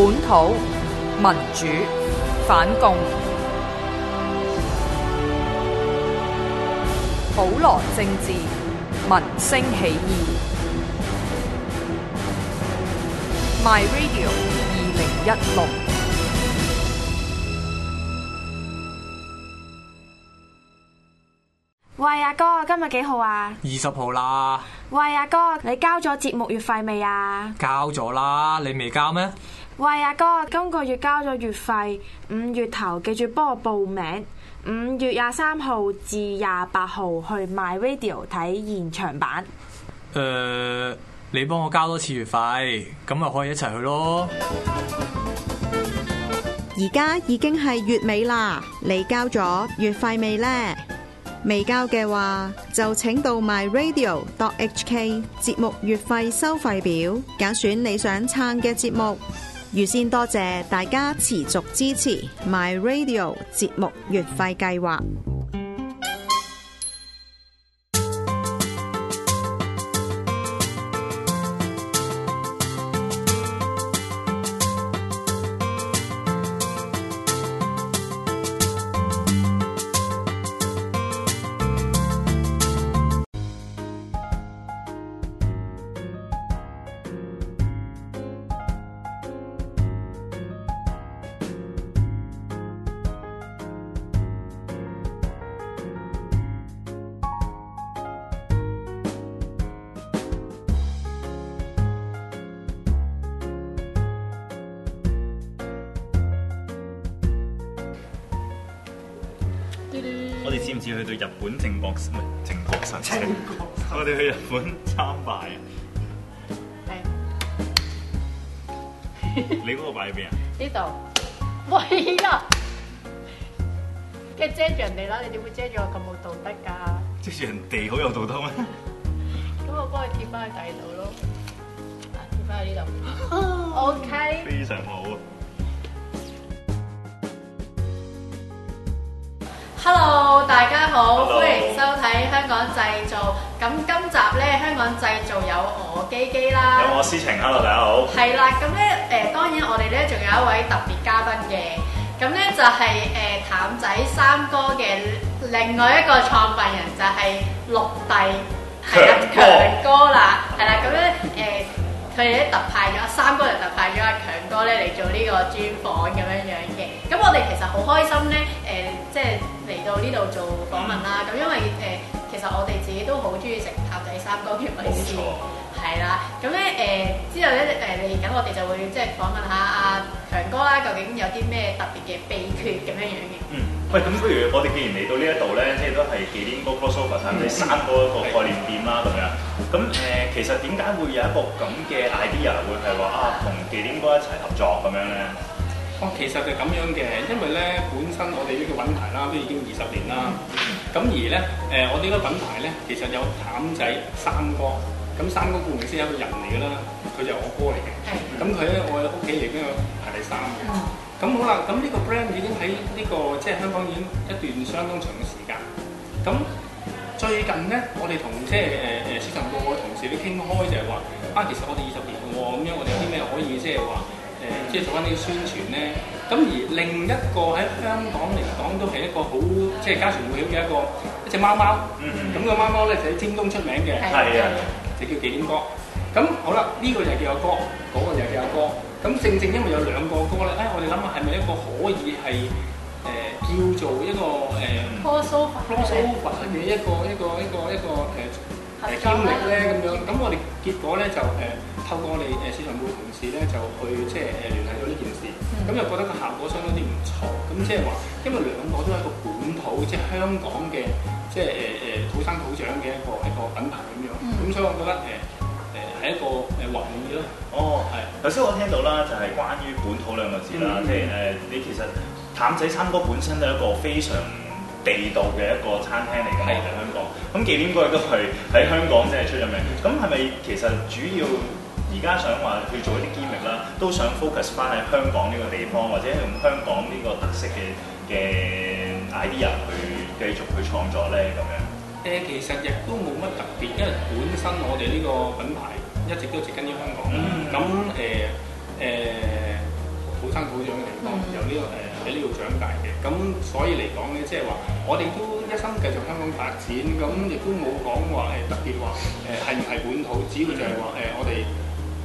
本土民主反共，普羅政治民聲起義。My Radio 二零一六。喂阿哥，今日幾號啊？二十號啦。喂阿哥，你交咗節目月費未啊？交咗啦，你未交咩？喂，阿哥，今個月交咗月費，五月頭記住幫我報名。五月廿三號至廿八號去 my radio 睇現場版。誒、呃，你幫我交多次月費，咁咪可以一齊去咯。而家已經係月尾啦，你交咗月費未呢？未交嘅話就請到 my radio .hk 節目月費收費表，揀選你想撐嘅節目。預先多謝大家持續支持 My Radio 節目月費計劃。知唔知去到日本靖國咩？靖國神社。我哋去日本參拜啊！你嗰個擺喺邊啊？呢度。喂呀！嘅遮住人哋啦，你點會遮住我咁冇道德㗎？遮住人哋好有道德咩？咁我幫佢貼翻去第二度咯。貼翻喺呢度。OK。非常好。hello，大家好，Hello. 歡迎收睇《香港製造》。咁今集咧，《香港製造》有我璣璣啦，有我斯程，hello，大家好。係 啦，咁咧誒，當然我哋咧仲有一位特別嘉賓嘅，咁咧就係誒譚仔三哥嘅另外一個創辦人就，就係陸弟。係啊強哥啦，係啦，咁咧誒，佢哋咧特派咗三哥嚟特派咗阿強哥咧嚟做呢個專訪咁樣樣嘅。咁我哋其實好開心咧，誒、呃，即係。到呢度做訪問啦，咁、嗯、因為誒、呃，其實我哋自己都好中意食譚仔三哥嘅米線，係啦。咁咧誒，之後咧誒嚟緊，呃、我哋就會即係訪問下阿、啊、強哥啦，究竟有啲咩特別嘅秘訣咁樣樣嘅。嗯，喂，咁不如我哋既然嚟到呢一度咧，即係都係忌廉哥 cooperate 三個一個概念店啦，咁、嗯、樣。咁誒是、呃，其實點解會有一個咁嘅 idea 會係話啊，同忌廉哥一齊合作咁樣咧？哦，其實就咁樣嘅，因為咧，本身我哋呢個品牌啦，都已經二十年啦。咁而咧，誒、呃，我哋個品牌咧，其實有譚仔三哥。咁三哥顧名思義係一個人嚟㗎啦，佢就係我哥嚟嘅。咁佢咧，我屋企亦都有排第三嘅。咁、嗯、好啦，咁呢個 brand 已經喺呢、這個即係、就是、香港已經一段相當長嘅時間。咁最近咧，我哋同即係誒誒市場部嘅同事都傾開，就係、是、話啊，其實我哋二十年喎，咁樣我哋有啲咩可以即係話？就是誒，即係做翻呢個宣傳咧，咁而另一個喺香港嚟講都係一個好，即係家傳戶曉嘅一個一隻貓貓。嗯嗯。咁個貓貓咧就喺京東出名嘅。係啊。就叫忌廉哥。咁好啦，呢個就叫阿哥，嗰個就叫阿哥。咁正正因為有兩個哥咧，哎，我哋諗下係咪一個可以係誒叫做一個誒。crossover 嘅一個一個一個一個誒誒經歷咧咁樣。咁我哋結果咧就誒。透過我哋誒市場部同事咧，就去即係誒聯繫咗呢件事，咁、嗯、又覺得個效果相當之唔錯，咁即係話，因為兩個都係一個本土，即、就、係、是、香港嘅，即係誒誒土生土長嘅一個一個品牌咁樣，咁、嗯、所以我覺得誒誒係一個誒華點咯。哦，係是。頭先我聽到啦，就係、是、關於本土兩個字啦，即係誒你其實譚仔三哥本身都係一個非常地道嘅一個餐廳嚟嘅，嘛的，喺香港。咁紀念哥亦都係喺香港即係出咗名，咁係咪其實主要？持持而家想話去做一啲經歷啦，都想 focus 翻喺香港呢個地方，或者用香港呢個特色嘅嘅 idea 去繼續去創作咧咁樣。誒，其實亦都冇乜特別，因為本身我哋呢個品牌一直都植根於香港。嗯。咁誒誒，土生土長嘅地方，由呢、欸欸呢個誒喺呢度長大嘅。咁、嗯、所以嚟講咧，即係話我哋都一生繼續香港發展，咁亦都冇講話誒特別話誒係唔係本土，嗯、只要就係話誒我哋。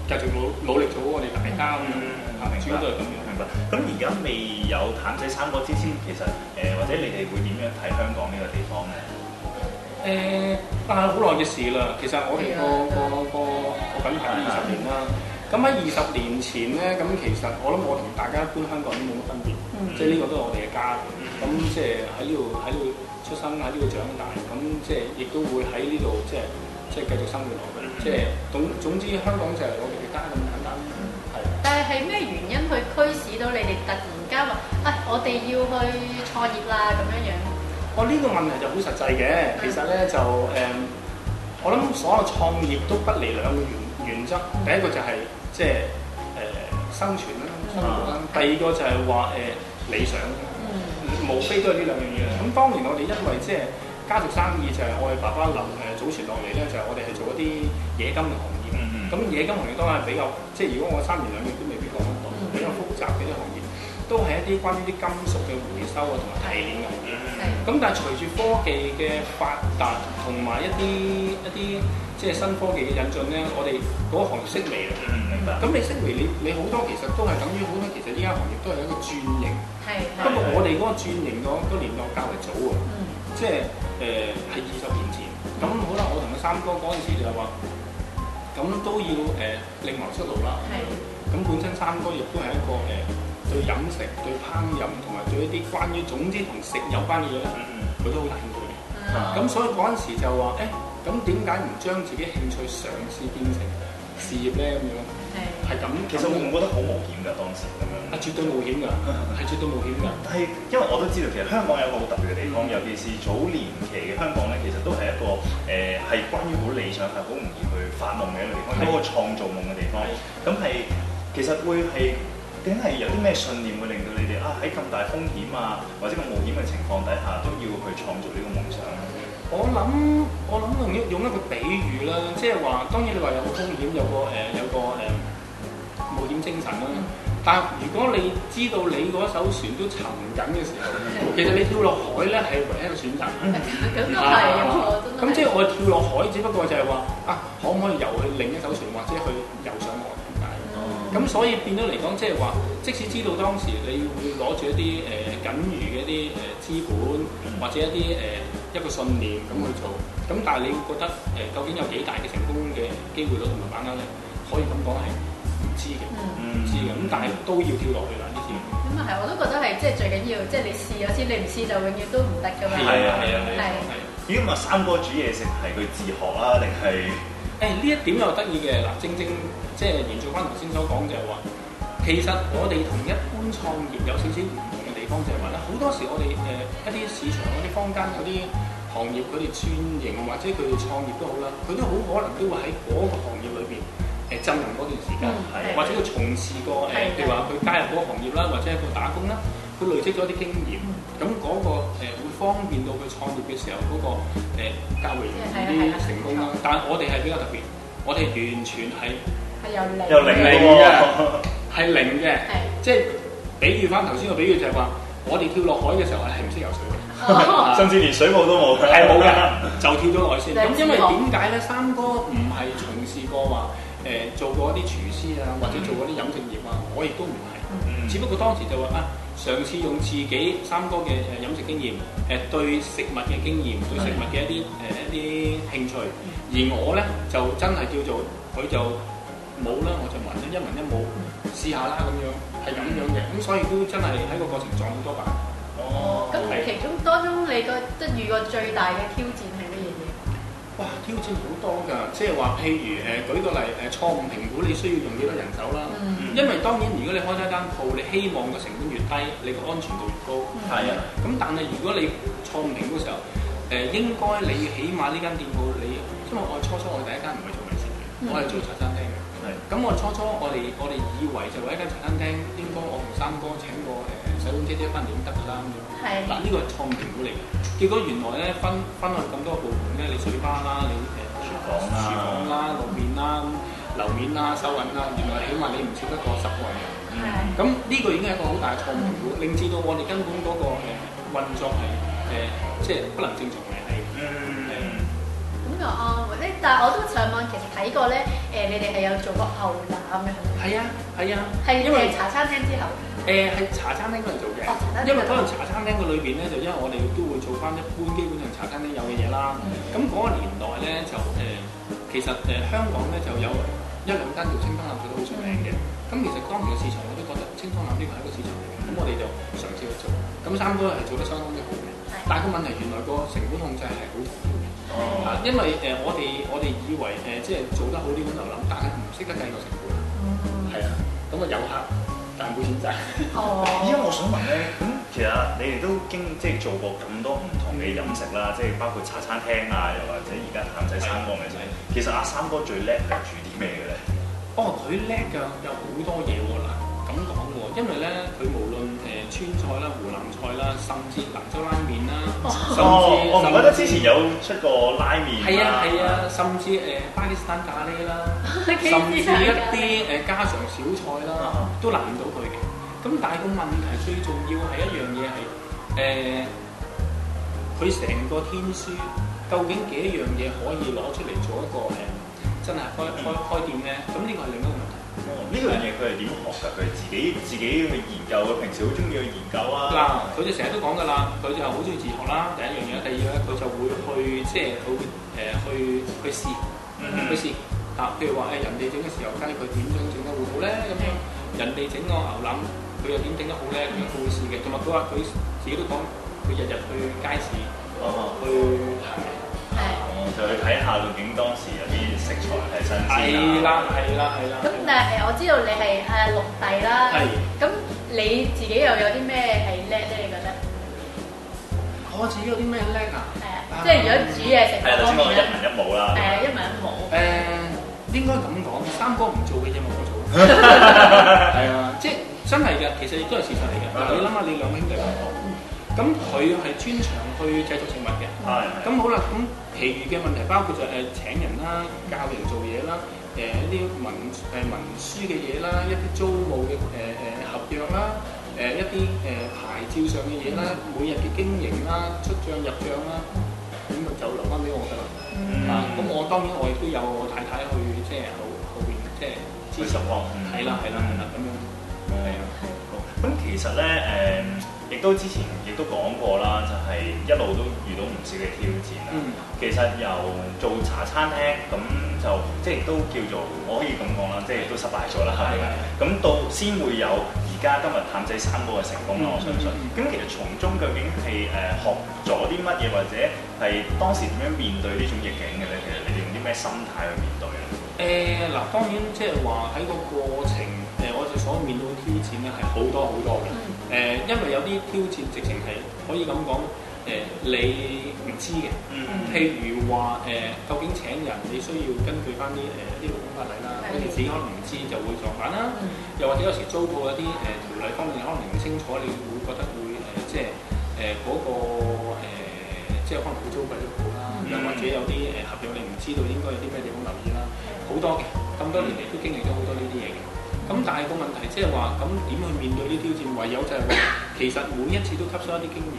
繼續努努力做，我哋大家咁樣，大家都係咁樣明白。咁而家未有譚仔三哥之先，其實誒，或者你哋會點樣睇香港呢個地方咧？誒，但係好耐嘅事啦。其實我哋個個個我梗係二十年啦。咁喺二十年前咧，咁其實我諗我同大家一般香港人都冇乜分別，即係呢個都係我哋嘅家。咁即係喺呢度，喺呢度出生，喺呢度長大，咁即係亦都會喺呢度即係。即係繼續生活落去，嗯、即係總總之香港就係我哋嘅家咁簡單。係、嗯。的但係係咩原因去驅使到你哋突然間話啊，我哋要去創業啦咁樣樣？我呢、哦呢個問題就好實際嘅，其實咧就誒、嗯，我諗所有創業都不離兩個原、嗯、原則，嗯、第一個就係即係誒生存啦，生活啦；第二個就係話誒理想嘅，嗯、無非都係呢兩樣嘢。咁當然我哋因為即係。就是家族生意就係我哋爸爸諗誒，祖傳落嚟咧就係我哋係做一啲冶金嘅行業。咁冶金行業當然係比較即係，如果我三年兩月都未必講得落，嗯、比較複雜嘅啲行業，都係一啲關於啲金屬嘅回收啊同埋提煉嘅行業。咁、嗯嗯、但係隨住科技嘅發達同埋一啲一啲即係新科技嘅引進咧，我哋嗰個行業式微啦，咁你式微，你你好多其實都係等於好多其實呢家行業都係一個轉型。不過我哋嗰個轉型個個年代較為早即係誒喺二十年前，咁好啦，我同阿三哥嗰陣時就係話，咁都要誒、呃、另謀出路啦。咁是本身三哥亦都係一個誒、呃、對飲食、對烹飪同埋對一啲關於總之同食有關嘅嘢咧，佢、嗯嗯、都好興趣。咁、嗯、所以嗰陣時就話誒，咁點解唔將自己興趣嘗試變成事業咧咁、嗯、樣？係咁，其實我唔覺得好冒險㗎，當時咁樣。啊，絕對冒險㗎，係 絕對冒險㗎。但係因為我都知道，其實香港有一個好特別嘅地方，嗯、尤其是早年期嘅香港咧，其實都係一個誒係、呃、關於好理想、係好容易去發夢嘅一個地方，是一個創造夢嘅地方。咁係是其實會係點解有啲咩信念會令到你哋啊喺咁大風險啊或者咁冒險嘅情況底下都要去創造呢個夢想咧？我諗我諗用一用一個比喻啦，即係話當然你話有個風險，有個誒 有個誒。冒險精神咧、啊，嗯、但係如果你知道你嗰艘船都沉緊嘅時候， 其實你跳落海咧係唯一嘅選擇。咁都係，咁即係我跳落海，只不過就係話啊，可唔可以遊去另一艘船，或者去遊上岸咁解？咁所以變咗嚟講，即係話，即使知道當時你會攞住一啲誒僅餘嘅一啲誒資本，嗯、或者一啲誒、呃、一個信念咁去做，咁、嗯、但係你覺得誒、呃、究竟有幾大嘅成功嘅機會率同埋把握咧？可以咁講係。知嘅，唔、嗯、知嘅，咁但係都要跳落去啦呢啲。咁啊係，我都覺得係即係最緊要，即、就、係、是、你試咗先，有時你唔試就永遠都唔得噶嘛。係啊係啊係啊係。如果話三哥煮嘢食係佢自學啊，定係？誒呢、哎、一點又得意嘅嗱，正正即係延續返頭先所講就係話，其實我哋同一般創業有少少唔同嘅地方就係話咧，好多時我哋誒、呃、一啲市場嗰啲坊間嗰啲行業,業專營，佢哋轉型或者佢哋創業好都好啦，佢都好可能都會喺嗰個行業裏邊。進入嗰段時間，或者佢從事過誒，譬如話佢加入嗰個行業啦，或者一個打工啦，佢累積咗啲經驗，咁嗰個誒會方便到佢創業嘅時候嗰個誒較容易啲成功啦。但係我哋係比較特別，我哋完全係又零零嘅，係零嘅，即係比喻翻頭先個比喻就係話，我哋跳落海嘅時候係唔識游水嘅，甚至連水母都冇，係冇嘅，就跳咗落去先。咁因為點解咧，三哥唔係從事過話？誒做過一啲廚師啊，或者做過啲飲食業啊，我亦都唔係，嗯、只不過當時就話啊，嘗試用自己三哥嘅誒飲食經驗，誒、呃、對食物嘅經驗，對食物嘅一啲誒、呃、一啲興趣，而我咧就真係叫做佢就冇啦，我就揾一揾一冇試一下啦咁樣，係咁樣嘅，咁所以都真係喺個過程撞好多板。哦，咁、嗯、是其中當中你覺得遇過最大嘅挑戰？挑戰好多㗎，即係話譬如誒、呃，舉個例誒、呃，錯誤評估你需要用幾多人手啦。嗯、因為當然，如果你開咗間鋪，你希望個成本越低，你個安全度越高。係啊、嗯。咁、嗯、但係如果你錯誤評估嘅時候，誒、呃、應該你起碼呢間店鋪你，因為我初初我第一間唔係做米線嘅，嗯、我係做茶餐廳嘅。係、嗯。咁是我初初我哋我哋以為就為一間茶餐廳，應該我同三哥請個誒。洗碗車車翻點得㗎啦咁樣，嗱呢個係錯誤點嚟嘅。結果原來咧分分落咁多部門咧，你水吧啦，你誒廚房啦、廚房啦、路面啦、咁樓面啦、收銀啦，原來起碼你唔少得個十個人。係。咁呢個已經係一個好大錯誤點嚟，令至到我哋根本嗰個誒運作係誒即係不能正常嚟。係。嗯。嗯咁啊、嗯、但係我都上網其實睇過咧，誒、呃、你哋係有做過牛腩嘅係咪？係啊，係啊，係因為茶餐廳之後。誒係、呃、茶餐廳嗰陣做嘅，因為嗰陣茶餐廳嘅裏邊咧，就因為我哋都會做翻一般基本上茶餐廳有嘅嘢啦。咁嗰、嗯、個年代咧就誒、呃，其實誒、呃、香港咧就有一兩間做清湯腩佢都好出名嘅。咁、嗯嗯、其實當時嘅市場我都覺得清湯腩呢個係一個市場嚟嘅，咁、嗯、我哋就嘗試去做。咁三哥係做得相當之好嘅，的但係個問題原來個成本控制係好。啊，oh. 因為誒，我哋我哋以為誒，即、呃、係做得好啲咁就諗，但係唔識得計落成本。哦，啊，咁啊有客，但係冇錢賺。哦、oh.，依家我想問咧，咁、嗯、其實你哋都經即係做過咁多唔同嘅飲食啦，即係、嗯、包括茶餐廳啊，又或者而家譚仔三哥嘅仔。的其實阿、啊、三哥最叻係煮啲咩嘅咧？哦，佢叻㗎，有好多嘢喎嗱。因為咧，佢無論誒川菜啦、湖南菜啦，甚至蘭州拉麵啦，甚至哦，我唔覺得之前有出過拉麵，係啊係啊，甚至誒巴基斯坦咖喱啦，甚至一啲誒家常小菜啦，都難唔到佢嘅。咁但係個問題最重要係一樣嘢係誒，佢成個天書究竟幾多樣嘢可以攞出嚟做一個誒，真係開開開店咧？咁呢個係另一個問題。呢、哦這個、樣嘢佢係點學噶？佢自己自己去研究，佢平時好中意去研究啊！嗱，佢哋成日都講噶啦，佢就係好中意自學啦。第一樣嘢，第二樣，佢就會去即係佢誒去去試，嗯、去試。啊，譬如話誒、呃，人哋整嘅時候，豉油雞佢點樣整得會好咧？咁樣、嗯、人哋整個牛腩，佢又點整得好咧？佢會試嘅。同埋佢話佢自己都講，佢日日去街市、哦、去睇。就去睇下究竟當時有啲食材係新鮮啊！係啦，係啦，係啦。咁但係誒，我知道你係誒陸弟啦。係。咁你自己又有啲咩係叻咧？你覺得？我自己有啲咩叻啊？係啊，即係如果煮嘢食，係頭先講一文一武啦。係啊，一文一武。誒，應該咁講，三哥唔做嘅嘢我做。係啊，即係真係嘅，其實亦都係事實嚟嘅。你諗下你兩兄弟？咁佢係專長去製作食物嘅，咁係好啦。咁其餘嘅問題包括就誒請人啦、教人做嘢啦、誒一啲文誒、呃、文書嘅嘢啦、一啲租務嘅誒誒合約啦、誒、呃、一啲誒、呃、牌照上嘅嘢啦、的每日嘅經營啦、出帳入帳啦，咁就留翻俾我㗎啦。嗯、啊，咁我當然我亦都有太太去即係後後邊即係協助我。係啦係啦，咁樣，係啊。咁其實咧，誒、嗯，亦都之前亦都講過啦，就係、是、一路都遇到唔少嘅挑戰啦。嗯、其實由做茶餐廳，咁就即係都叫做我可以咁講啦，即係都失敗咗啦。咁、嗯、到先會有而家今日譚仔三哥嘅成功咯，嗯、我相信。咁、嗯、其實從中究竟係誒學咗啲乜嘢，或者係當時點樣面對呢種逆境嘅咧？其實你哋用啲咩心態去面對啊？誒嗱、呃，當然即係話喺個過程。我面對挑戰咧係好多好多嘅，誒、呃，因為有啲挑戰直情係可以咁講，誒、呃，你唔知嘅，譬如話誒、呃，究竟請人你需要根據翻啲誒啲法例啦，嗰自己可能唔知就會撞板啦，又或者有時租舖一啲誒條例方面可能唔清楚，你會覺得會誒、呃、即係誒嗰個即係可能會租貴咗啲啦，又或者有啲誒合約你唔知道應該有啲咩地方留意啦，好多嘅，咁多年嚟都經歷咗好多呢啲嘢嘅。咁但係個問題即係話，咁點去面對啲挑戰？唯有就係、是、話，其實每一次都吸收一啲經驗，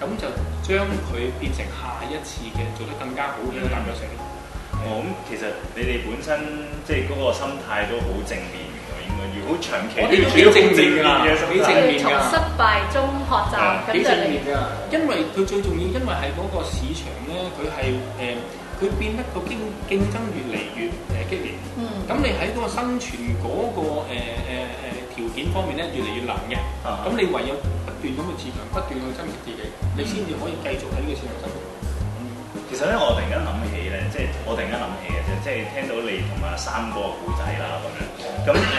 咁、嗯、就將佢變成下一次嘅做得更加好嘅咁樣上面。哦、嗯，咁其實你哋本身即係嗰個心態都好正面，原來應該。如果長期，我都幾正面㗎，正面幾正面㗎。從失敗中學習，嗯、幾正面㗎。因為佢最重要，因為係嗰個市場咧，佢係誒。嗯佢變得個競競爭越嚟越誒激烈，咁你喺嗰個生存嗰、嗰個誒誒誒條件方面咧，越嚟越難嘅。咁、嗯嗯、你唯有不斷咁去自強，不斷去增值自己，你先至可以繼續喺呢個市場生存。其實咧，我突然間諗起咧，即、就、係、是、我突然間諗起嘅啫，即、就、係、是、聽到你同阿三哥個故仔啦，咁樣咁誒，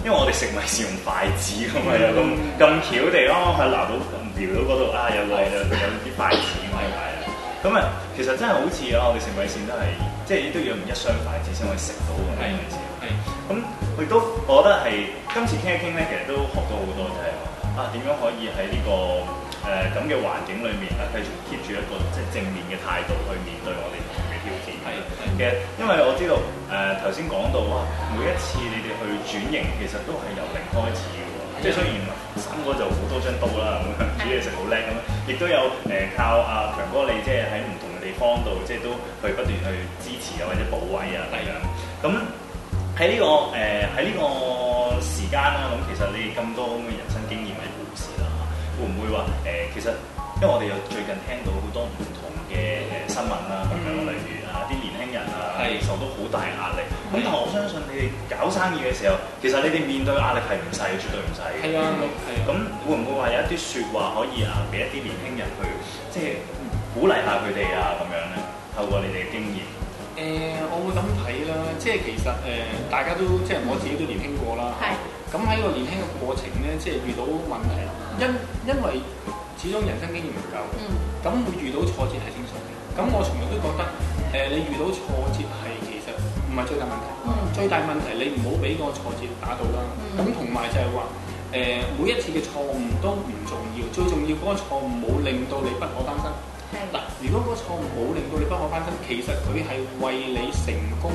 因為我哋食物是用筷子㗎嘛，咁咁、嗯嗯、麼巧地，啱啱係攬到瞄到嗰度啊，有個有有啲筷子。咁啊，其實真係好似啊，我哋食米線都係，即係、嗯、都要用一雙筷子先可以食到咁樣嘅樣子。咁佢都，我覺得係今次傾一傾咧，其實都學到好多就係話。啊，點樣可以喺呢個誒咁嘅環境裏面啊，繼續 keep 住一個即係正面嘅態度去面對我哋唔同嘅挑戰。其實因為我知道誒頭先講到啊，每一次你哋去轉型，其實都係由零開始。即係、嗯、雖然三哥就好多張刀啦，咁煮嘢食好叻咁，亦都有誒、呃、靠阿、啊、強哥你，即係喺唔同嘅地方度，即係都去不斷去支持啊，或者保衞啊，咁樣。咁喺呢個誒喺呢個時間啦，咁、啊、其實你咁多咁嘅人生經驗嘅故事啦，嚇、嗯，會唔會話誒、呃？其實因為我哋又最近聽到好多唔同嘅誒新聞啦。啊嗯係 受到好大壓力，咁但我相信你哋搞生意嘅時候，其實你哋面對壓力係唔細嘅，絕對唔細嘅。係啊，係啊。咁會唔會話有一啲説話可以啊，俾一啲年輕人去即係、就是嗯、鼓勵下佢哋啊咁樣咧？透過你哋嘅經驗。誒、欸，我會咁睇啦，即、就、係、是、其實誒、呃，大家都即係我自己都年輕過啦。係的。咁喺個年輕嘅過程咧，即係遇到問題啦，因因為始終人生經驗唔夠，咁、嗯、會遇到挫折係正常嘅。咁我從來都覺得。誒、呃、你遇到挫折係其實唔係最大問題，嗯、最大問題你唔好俾個挫折打到啦。咁同埋就係話，誒、呃、每一次嘅錯誤都唔重要，最重要嗰個錯誤冇令到你不可翻身。嗱、嗯，如果嗰個錯誤冇令到你不可翻身，其實佢係為你成功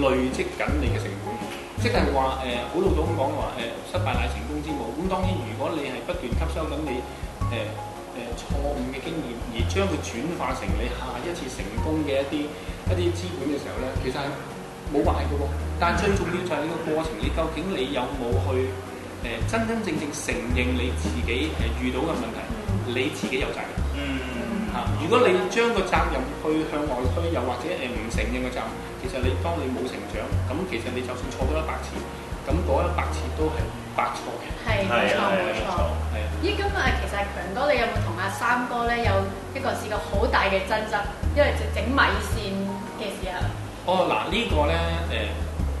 累積緊你嘅成本。即係話誒，好、呃、老早咁講話誒，失敗乃成功之母。咁當然如果你係不斷吸收緊你誒。呃呃誒、呃、錯誤嘅經驗，而將佢轉化成你下一次成功嘅一啲一啲資本嘅時候咧，其實係冇壞嘅喎、哦。但係最重要就係呢個過程，你究竟你有冇去誒、呃、真真正正承認你自己誒、呃、遇到嘅問題，你自己有責任。嗯嗯嚇，如果你將個責任去向外推，又或者誒唔、呃、承認個責任，其實你當你冇成長，咁其實你就算錯咗一百次。三哥咧有一個試過好大嘅爭執，因為就整米線嘅時候。哦，嗱、這個、呢個咧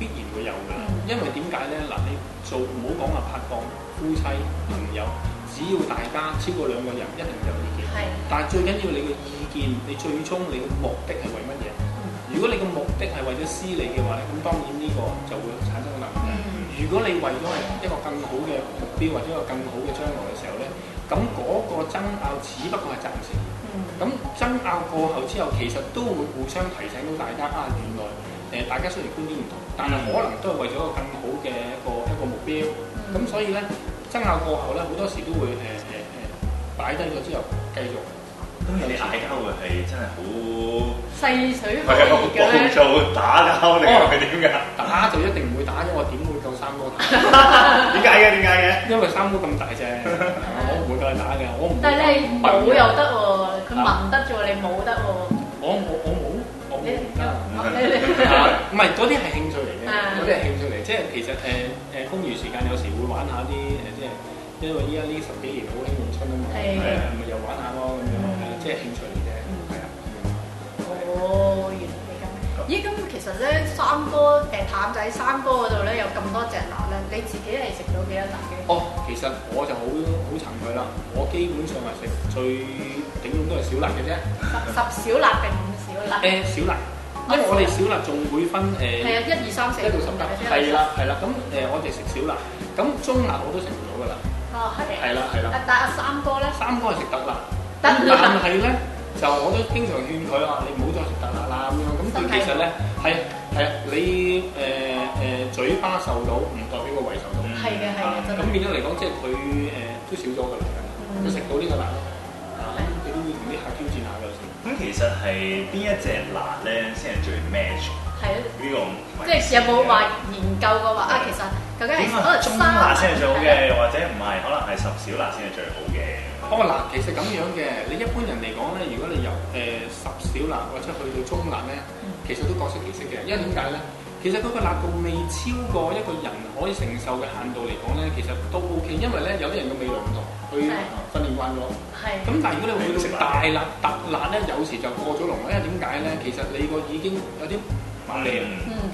誒必然會有㗎，嗯、因為點解咧？嗱、呃，你做唔好講話拍檔、夫妻、朋友，只要大家超過兩個人，一定有意、這、見、個。係是。但係最緊要你嘅意見，你最終你嘅目的係為乜嘢？嗯、如果你嘅目的係為咗私利嘅話，咧，咁當然呢個就會產生個問題。嗯、如果你為咗係一個更好嘅目標或者一個更好嘅將來嘅時候咧。咁嗰個爭拗，只不過係暫時。咁爭拗過後之後，其實都會互相提醒到大家啊，原來誒大家雖然觀點唔同，但係可能都係為咗一個更好嘅一個一個目標。咁所以咧，爭拗過後咧，好多時都會誒誒誒擺低咗之後繼續。咁你哋嗌交會係真係好細水潑油嘅咩？就打交？可能係點㗎？打就一定唔會打嘅，因為我點會夠三哥打？點解嘅？點解嘅？因為三哥咁大隻。打嘅，但係你冇又得喎，佢舞得啫你冇得喎。我冇，我冇，我唔冇。唔係嗰啲係興趣嚟嘅，嗰啲係興趣嚟。即係其實誒誒空餘時間有時會玩下啲誒，即係因為依家呢十幾年好興詠春啊嘛，係咪又玩下咯咁樣，即係興趣嚟。咧三哥誒，譚仔三哥嗰度咧有咁多隻辣咧，你自己係食到幾多辣嘅？哦，其實我就好好慚佢啦，我基本上係食最頂籠都係小辣嘅啫，十小辣定五小辣？誒小辣，因為我哋小辣仲會分誒，係啊，一二三四一到三級，係啦係啦。咁誒，我哋食小辣，咁中辣我都食唔到噶啦，哦，係嘅，係啦係啦。但阿三哥咧，三哥係食特辣，但係咧就我都經常勸佢話：你唔好再食特辣啦咁樣。咁其實咧，係啊，係啊，你誒誒嘴巴受到唔代表個胃受到，係嘅係嘅，咁變咗嚟講，即係佢誒都少咗㗎啦，你食到呢個辣，你都會同啲客挑戰下嘅。咁其實係邊一隻辣咧先係最 match？係啊，呢個即係有冇話研究過話啊？其實究竟係可能中辣先係最好嘅，或者唔係？可能係十小辣先係最好嘅。不過辣其實咁樣嘅，你一般人嚟講咧，如果你由誒十小辣或者去到中辣咧。其實都各式其式嘅，因為點解咧？其實嗰個辣度未超過一個人可以承受嘅限度嚟講咧，其實都 O K。因為咧，有啲人嘅味蕾唔同，佢是訓練慣咗。係是。咁但係如果你話食大辣、特吧辣咧，有時就過咗龍。因為點解咧？嗯、其實你個已經有啲麻脷，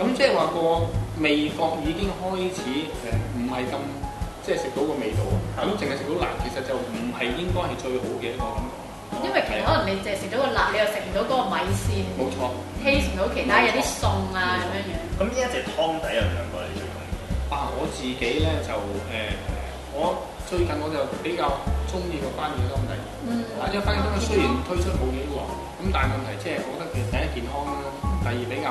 咁即係話個味覺已經開始誒，唔係咁即係食到個味道。咁淨係食到辣，其實就唔係應該係最好嘅一個感覺。因為其實可能你淨係食到個辣，你又食唔到嗰個米線。冇錯。到其他有啲餸啊，咁樣樣。咁呢一隻湯底有兩個你最中意啊，我自己咧就誒，我最近我就比較中意個番茄湯底。嗯。啊，因為番茄湯底雖然推出冇幾耐，咁但問題即係我覺得其實第一健康啦，第二比較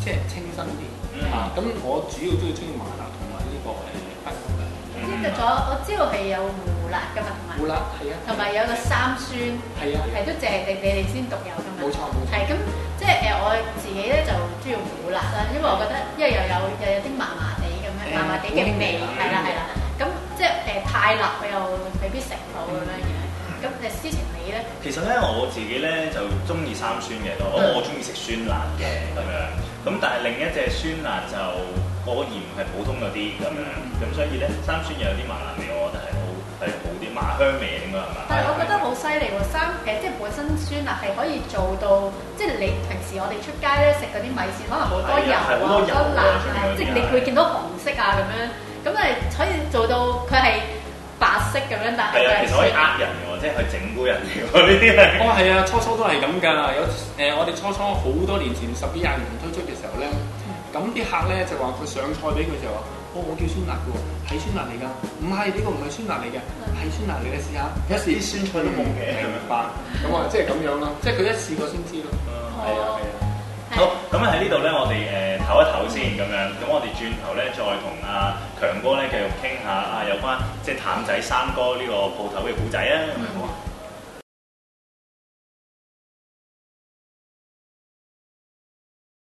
即係清新啲。啊，咁我主要最中意麻辣同埋呢個誒不辣。呢隻左我知道係有胡辣噶嘛，同埋胡辣係啊，同埋有個三酸係啊，係都淨係你你哋先獨有噶嘛。冇錯冇錯。係咁。誒我自己咧就中意苦辣啦，因為我覺得因為又有又有啲麻麻地咁樣麻麻地嘅味，係啦係啦。咁即係誒太辣我又未必食到咁樣嘢。咁誒斯程你咧？其實咧我自己咧就中意三酸嘅多，我中意食酸辣嘅咁樣。咁但係另一隻酸辣就果然唔係普通嗰啲咁樣，咁所以咧三酸又有啲麻辣味，我覺得係。香味咁啊，係嘛？但係我覺得好犀利喎，三誒即係本身酸辣係可以做到，即係你平時我哋出街咧食嗰啲米線，可能好多，多油啊，好多辣嘅，即係你會見到紅色啊咁樣，咁誒可以做到佢係白色咁樣，但係係、就是、其實可以呃人㗎喎，即係去整蠱人㗎喎，呢啲係哦係啊，初初都係咁㗎，有誒、呃、我哋初初好多年前十幾廿年前推出嘅時候咧，咁啲、嗯、客咧就話佢上菜俾佢就話。我叫酸辣嘅喎，係酸辣嚟噶，唔係呢個唔係酸辣嚟嘅，係酸辣嚟嘅，試一下。有時啲酸菜都冇嘅，明白？咁啊，即係咁樣咯，即係佢一試過先知咯。啊，係啊，係啊。好，咁啊喺呢度咧，我哋誒唞一唞先咁樣，咁我哋轉頭咧再同阿強哥咧繼續傾下啊有關即係譚仔三哥呢個鋪頭嘅古仔啊，好唔好啊？嗯